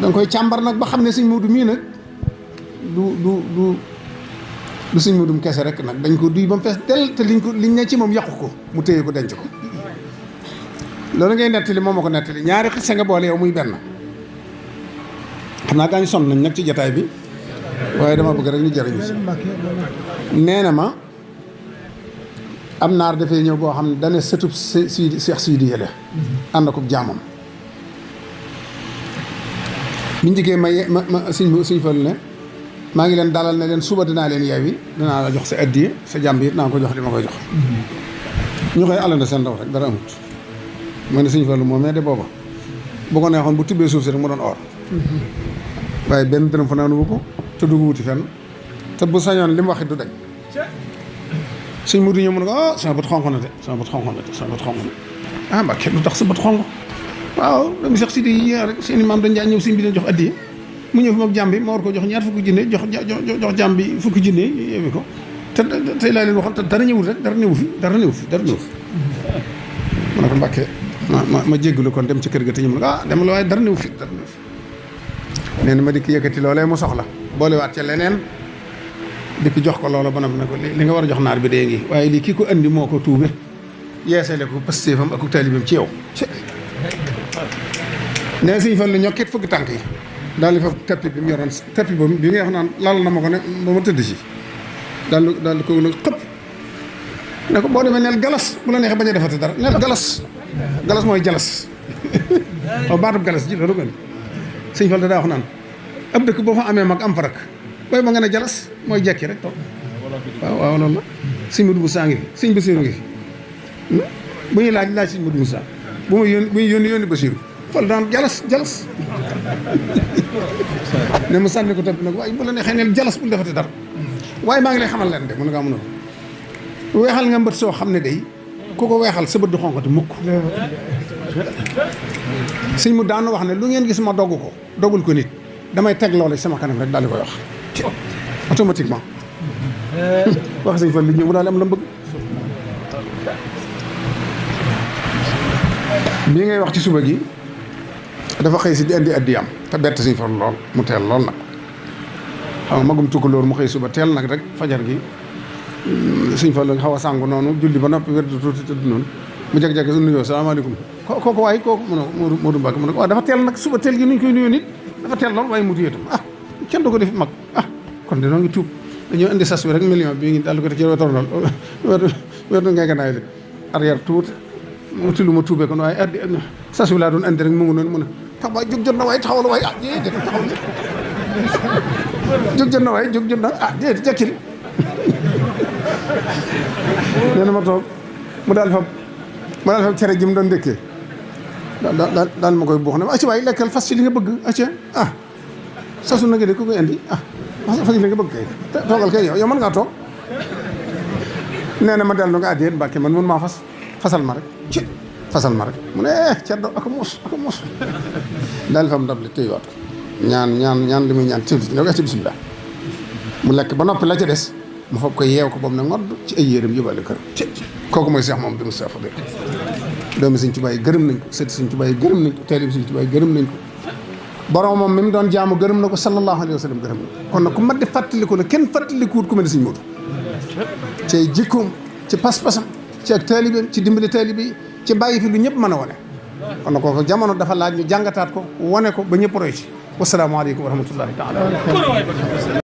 dang koy chambar nak ba xamne seigne modou mi nak du du du du seigne modou kese rek nak dañ ko duy bam fess tel te liñ ko liñ ne ci mom yàqu ko mu teye ko denc ko lolu ngay netti moom ma ko ñaari xisse nga bolé yow muy ben xam naa son nañ nak ci jotaay bi waye dama bëgg rek ñu jëriñu si ma am naar dafay ñëw boo xam ne dane sëtub si si Seex Sidiya biñ dikkee ma ma ma suñ suñ fal ne maa ngi leen dalal ne leen suba dinaa leen yeewi danaa la jox sa addiye sa jàmb it naa ko jox li ma koy jox. Mm-hmm. ñu koy àllante seen ndaw rek dara amut. ma ne suñ fal moom mais de booba bu ko neexoon bu tibbee suuf si rek mu doon or. Mm-hmm. waaye benn dërëm fanaanu ko te dugg wuti fen te bu sañoon li mu wax du dañ. suñ mutu ñu mën ko ah sama bët xonq na de sama bët xonq na de sama bët xonq na ah mbaa kenn du tax sa bët xonq. waaw doomu Cheikh Sidi yi rek seen maam dañ daan ñëw sëñ bi leen jox addiya mu ñëw fi moom jàmm bi ma war ko jox ñaar fukki junne jox jox jàmm bi fukki junne yóbbu ko te tey laa leen waxoon te dara ñëw rek dara ñëwu fi dara ñëwu fi dara ñëwu ma ne ko mbàkkee ma ma ma jéggalu kon dem ci kër ga te ñu mu ne ah dem la waaye dara fi dara ñëwu fi nee na ma dikk yëkkati loolee mu soxla boolewaat ca leneen dikk jox ko loola ba na ko li nga war a jox naar bi dee ngi waaye lii kii ko andi moo ko tuube yeesale ko pastéefam ak taalibam ci yow nee sëñ Fallu ñokket fëgg tànk yi daal tapi fa tappi bi mu yoroon tappi boobu bi nga xam naan laal na ma ko ne ba ma tëdd ci daal di ko galas bu la neexee bañ defati dara galas galas mooy jalas waaw baatub galas ji loolu gën sëñ Fallu daa wax naan ab dëkk boo fa amee mak am fa rak booy nga ne jalas mooy jekki rek toog waaw waaw loolu la sëñ Mudu Musaa ngi fi hmm? bu laaj laaj bu muy yónni bu muy yónni yónni Basiiru fal daan jalas jalas ne mu sànni ko tab nag waaye bu la neexee neel jalas bul defati dara waaye maa ngi lay xamal leen de mën ngaa mën a weexal nga mbët soo xam ne day ku ko weexal sa bët du xonk te mukk sëñ mu daan wax ne lu ngeen gis ma dogg ko dogul ko nit damay teg loolu sama kanam rek dal di koy wax automatiquement eh. wax sëñ fan li ñëw daal am la mu mi ngay wax ci suba gi dafa xey ci di addi am ta bet si far lool mu tel lool nak xam magum magum tukkuloor mu xey suba tel nak rek fajar gi mm, suñ fa la xaw a julli ba nopi wér tuuti tëdd non mu jek jeg su nuyoo alaykum ko ko way ko mo mo Modou bak mo ko dafa tel nak suba tel gi nuñ koy nuyo nit dafa tel lool way mu tuyee ah kenn do ko def mak ah kon de noo ngi tup dañu andi sas bi rek million bi ngi dal ko ci wetu noonu wetu wetu ngay ganay arrière tout wuti mo tuube ko no ay ardi sas sasu la don andi rek mo ngi mo mu ne tax jot na waaye taxawal waaye ah déedéet taxaw jog jot na waaye jóg jot na ah déedéet jakil nee ma tok mu dal fa mu dal fa tere jim don doon dal dal dal ma koy buux na ci way lekkal fas ci li nga bëgg ah sasu na nga de ko koy andi ah fas ci li nga bëgg kay togal kay yow yow mën ngaa toog ma dal nga addiyee barke man mun ma fas fasal ma rek ci fasal ma rek mu ne ceddo eh, ak mos ak mos daal fam ndab li téyewaat ko ñaan ñaan ñaan li muy ñaan tiwli ne ko ci bisimilah mu lekk ba noppi la ci des mu fab ko yeew ko boobu ne ngodd ci ay yéeram yóbbaale kër kooku mooy Cheikh moom bi Moustapha bi doomi Sëñ Tuubaa yi gërëm nañ ko sët Sëñ Tuubaa yi gërëm nañ ko taalib Sëñ gërëm nañ ko moom mi mu doon jaamu gërëm na ko sallallahu alayhi wa sallam gërëm na kon nag ku mat di fàttaliku ne kenn fàttalikuwut ku mel ne Sëñ Moodu ci ay pas-pasam ci ak taalibeem ci dimbali taalibe yi ci bàyyi fi lu ñëpp mën a wane kon ko jamono dafa laaj ñu jàngataat ko wane ko ba ñëpp roy ci wasalaamaaleykum wa rahmatullahi taala